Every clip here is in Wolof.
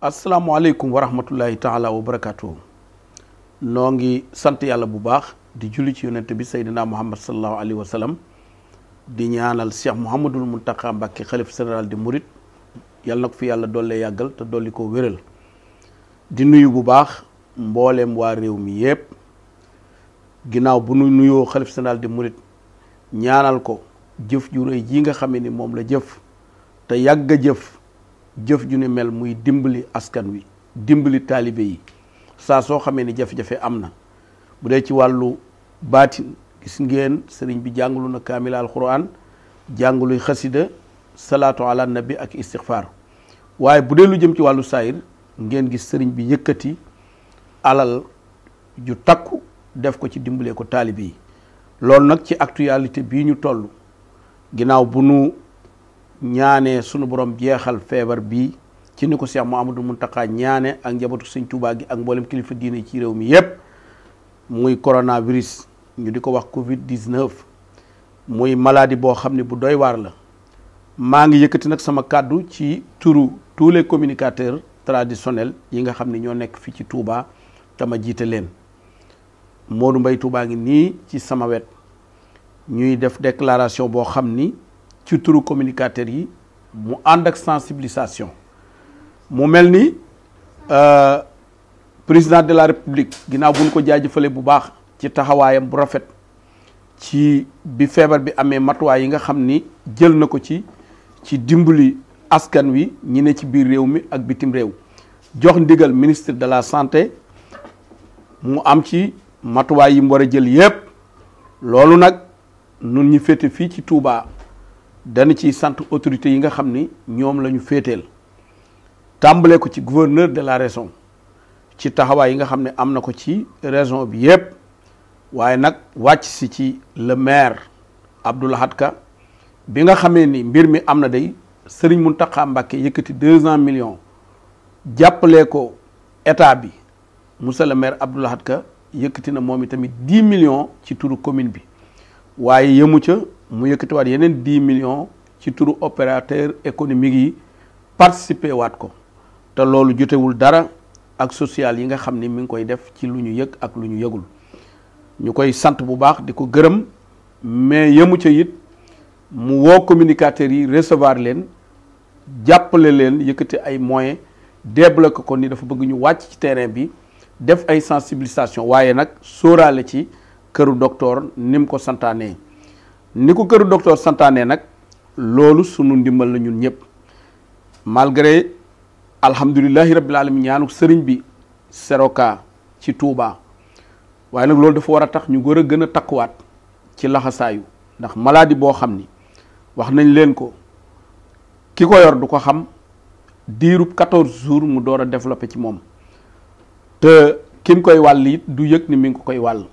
asalaamaaleykum wa rahmatullahi taala wa barakaatu noo sant yàlla bu baax di julli ci yonent bi saydina muhammad salallahu alayhi wa sallam di ñaanal cheikh mouhamadul muntaka mbàkke xalif général di murit yàlla na ko fi yàlla dolle yàggal te dolli ko wéral di nuyu bu baax mbooleem waa réew mi yépp ginnaaw bu nu nuyoo xalif général di murit ñaanal ko jëf ju réy ji nga xam ni moom la jëf te yàgg jëf jëf ju ni mel muy dimbali askan wi dimbali taalibe yi saa soo xamee ni jafe-jafe am na bu dee ci wàllu baatin gis ngeen sëriñ bi jàngalu na kaamil alquran jàngaluy xasida salaatu ala nabi ak istixfaar waaye bu dee lu jëm ci wàllu saayir ngeen gis sëriñ bi yëkkati alal ju takku def ko ci dimbalee ko taalibe yi loolu nag ci actualité bii ñu toll ginnaaw bu nu ñaanee sunu borom jeexal feebar bi ci ni ko Cheikh mu Mountakha ñaane ak njabootu sëñ Touba gi ak mboolem kilifa diine ci réew mi yépp muy coronavirus ñu di ko wax Covid 19 muy maladie boo xam ne bu doy waar la maa ngi yëkkati nag sama kàddu ci turu tous les communicateurs. traditionnel yi nga xam ni ñoo nekk fii ci Touba te ma jiite leen Modou mbay Touba ngi nii ci sama wet ñuy def déclaration boo xam ni ci turu communicateurs yi mu ànd ak sensibilisation mu mel ni euh, président de la république ginnaaw buñ ko jaajëfale bu baax ci taxawaayam bu rafet ci bi feebar bi amee matuwaay yi nga xam ni jël na ko ci ci dimbali askan wi ñi ne ci biir réew mi ak bitim réew jox ndigal ministre de la santé mu am ci matuwaay yim mu war a jël yépp loolu nag nun ñu féete fii ci Touba dana ci sant autorités yi nga xam ni ñoom lañu féeteel tàmbale ko ci gouverneur de la région ci taxawaay yi nga xam ne am na ko ci région bi yépp waaye nag wàcc si ci le maire Abdou Lahad bi nga xamee ni mbir mi am na day sëriñ Mountakha Mbacké yëkkati deux cent millions jàppale ko état bi monsieur le maire Abdou Lahad Ka yëkkati na moom itamit dix millions ci turu commune bi waaye yëmu ca mu yëkkatiwaat yeneen dix million ci turu opérateur économique yi participer waat ko te loolu jotewul dara ak social yi nga xam ni mi ngi koy def ci lu ñu yëg ak lu ñu yëgul ñu koy sant bu baax di ko gërëm mais yëmu ca yit mu woo communicateurs yi recevoir leen jàppale leen yëkkati ay moyen débloqué ko ni dafa bëgg ñu wàcc ci terrain bi def ay sensibilisation waaye nag sóoraale ci këru docteur nim ko santaanee ni ko këru docteur santaanee nag loolu sunu ndimbal na ñun ñëpp malgré alhamdulilahi rabbil alamin ñaanu sëriñ bi seroka ci Touba waaye nag loolu dafa war a tax ñu gër a gën a takkuwaat ci laxasaayu ndax maladie boo xam ni wax nañ leen ko ki ko yor du ko xam diirub 14 jours mu door a développé ci moom te ki koy wàll du yëg ni mi ngi ko koy wàll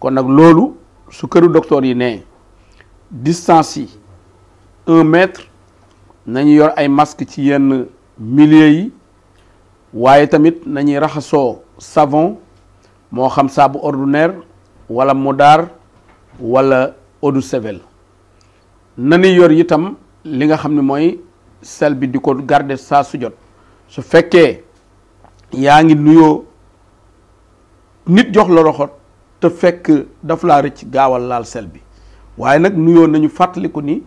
kon nag loolu su këru docteur yi ne distance yi un mètre nañu yor ay masque ci yenn milliers yi waaye tamit nañuy raxasoo savon moo xam saabu ordinaire wala modaar wala eau de nañuy yor itam li nga xam ne mooy sel bi di ko garde saa su jot su fekkee yaa ngi nuyoo nit jox la loxo te fekk daf laa rëcc gaawal laal sel bi waaye nag nuyoo nañu fàttaliku ni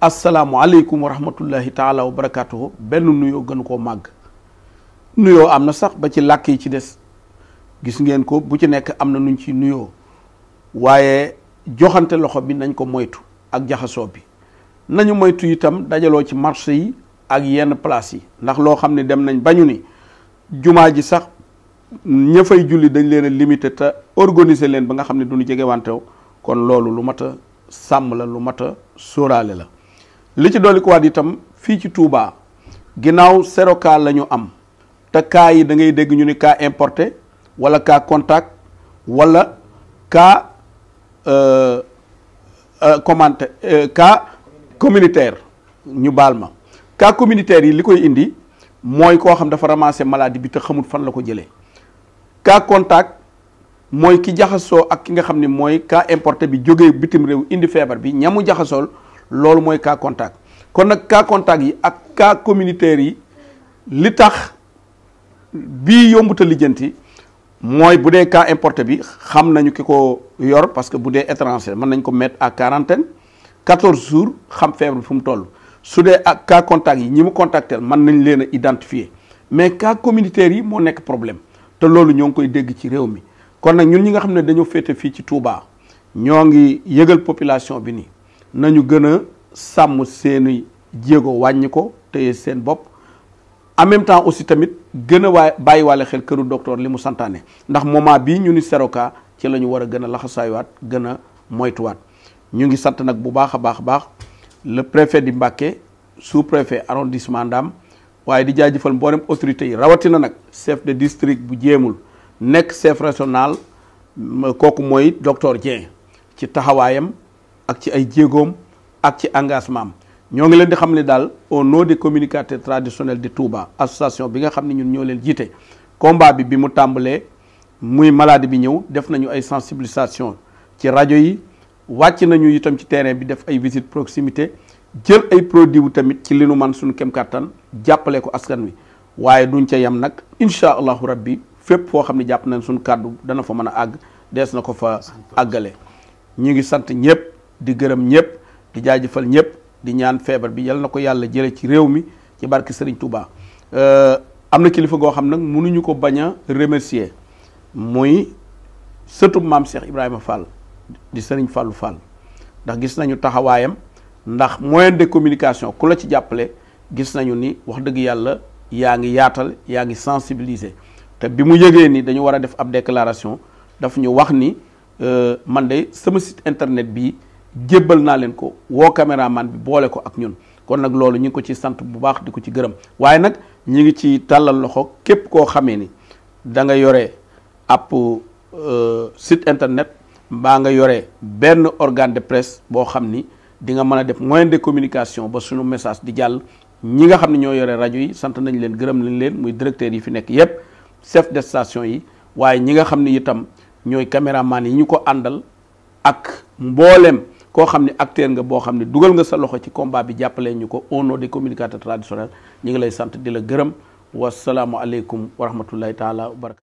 asalaamualeykum wa rahmatullahi taala wa barakaatuhu benn nuyoo gënu koo màgg nuyoo am na sax ba ci làkk yi ci des gis ngeen ko bu ci nekk am na nuñ ci nuyoo waaye joxante loxo bi nañ ko moytu ak jaxasoo bi nañu moytu itam dajaloo ci marché yi ak yenn place yi ndax loo xam ne dem nañ bañu ni jumaa ji sax ña fay julli dañ leen a limité organiser leen ba nga xam duñu jege wantew kon loolu lu mat a sàmm la lu mat a sóoraale la li ci dolli ko itam ci Touba am te cas yi da ngay ñu ni wala ka contact wala ka euh, Euh, comment kaa euh, communautaire ñu baal ma cas communautaire yi li koy indi mooy koo xam dafa ramassé maladie bi te xamul fan la ko jëlee cas contact mooy ki jaxasoo ak ki nga xam ni mooy kaa importé bi jógee bitim réew indi feebar bi ñamu jaxasool loolu mooy cas contact kon nag cas contact yi ak kaa communautaire yi li tax bii yombuta lijjanti mooy bu dee cas importé bi xam nañu ki ko yor parce que bu dee étranger Man nañ ko mettre à quarantaine quatorze jours xam feebar fu mu toll su dee cas contact yi ñi mu contacté man nañ leen identifier mais cas communautaire yi moo nekk problème te loolu ñoo ngi koy dégg ci réew mi kon nag ñun ñi nga xam ne dañoo féete ci Touba ñoo ngi yëgal population bi ni nañu gën a sàmm seeni jéego wàññi ko téye seen bopp en même temps aussi tamit gën a waay bàyyiwaale xel këru doctor li mu santaane ndax moment bii ñu ni seroka ci la ñu war a gën a laxasaayuwaat gën a moytuwaat ñu ngi sant nag bu baax a baax a baax le préfet di Mbacké sous préfet arrondissement Ndam waaye di jaajëfal mboolem autorité yi rawatina nag chef de district bu jéemul nekk chef régional kooku mooy docteur Dieng ci taxawaayam ak ci ay jéegoom ak ci engagement am ñoo ngi leen di xam ne daal au nom des communicateurs traditionnels de Touba association bi nga xam ne ñun ñoo leen jiite combat bi bi mu tàmbalee muy maladie bi ñëw def nañu ay sensibilisation ci rajo yi wàcc nañu itam ci terrain bi def ay visite proximité jël ay produit wu tamit ci li nu man suñu kem kàttan jàppale ko askan wi waaye duñ ca yem nag incha allahu rabbi fépp foo xam ne jàpp nañ suñu kàddu dana fa mën a àgg des na ko fa àggale ñu ngi sant ñëpp di gërëm ñëpp di jaajëfal ñëpp di ñaan feebar bi yal na ko yàlla jële ci réew mi ci barke Serigne Touba euh, am na kilifa goo xam nag mënuñu ko bañ a remercier muy sëtub maam Cheikh Ibrahima Fall di Serigne Fallou Fall ndax gis nañu taxawaayam ndax moyen de communication ku la ci jàppale gis nañu ni wax dëgg yàlla yaa ngi yaatal yaa ngi sensibiliser te bi mu yëgee ni dañu war a def ab déclaration daf ñu wax ni euh, man de sama site internet bii. jébbal naa leen ko woo caméraman bi boole ko ak ñun kon nag loolu ñu ngi ko ci sant bu baax di ko ci gërëm waaye nag ñu ngi ci tàllal loxo képp koo xamee ni da nga yore ab euh, site internet mbaa nga yore benn organe de presse boo xam ni di nga mën a def moyen de communication ba suñu message di jàll ñi nga xam ne ñoo yore rajo yi sant nañ leen gërëm nañ leen muy directeur yi fi nekk yépp chef de station yi waaye ñi nga xam ne itam ñooy caméraman yi ñu ko àndal ak mbooleem koo xam ne acteur nga boo xam ne dugal nga sa loxo ci combat bi jàppale ñu ko au nom des communicateurs ñu ngi lay sant di la gërëm wasalaamualeykum wa rahmatullahi taala wa barakatu